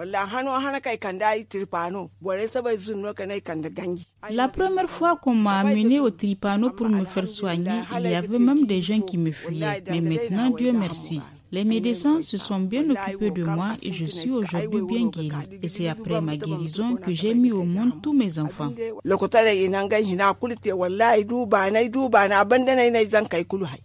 La première fois qu'on m'a amené au tripano pour me faire soigner, il y avait même des gens qui me fuyaient. Mais maintenant, Dieu merci. Les médecins se sont bien occupés de moi et je suis aujourd'hui bien guérie. Et c'est après ma guérison que j'ai mis au monde tous mes enfants.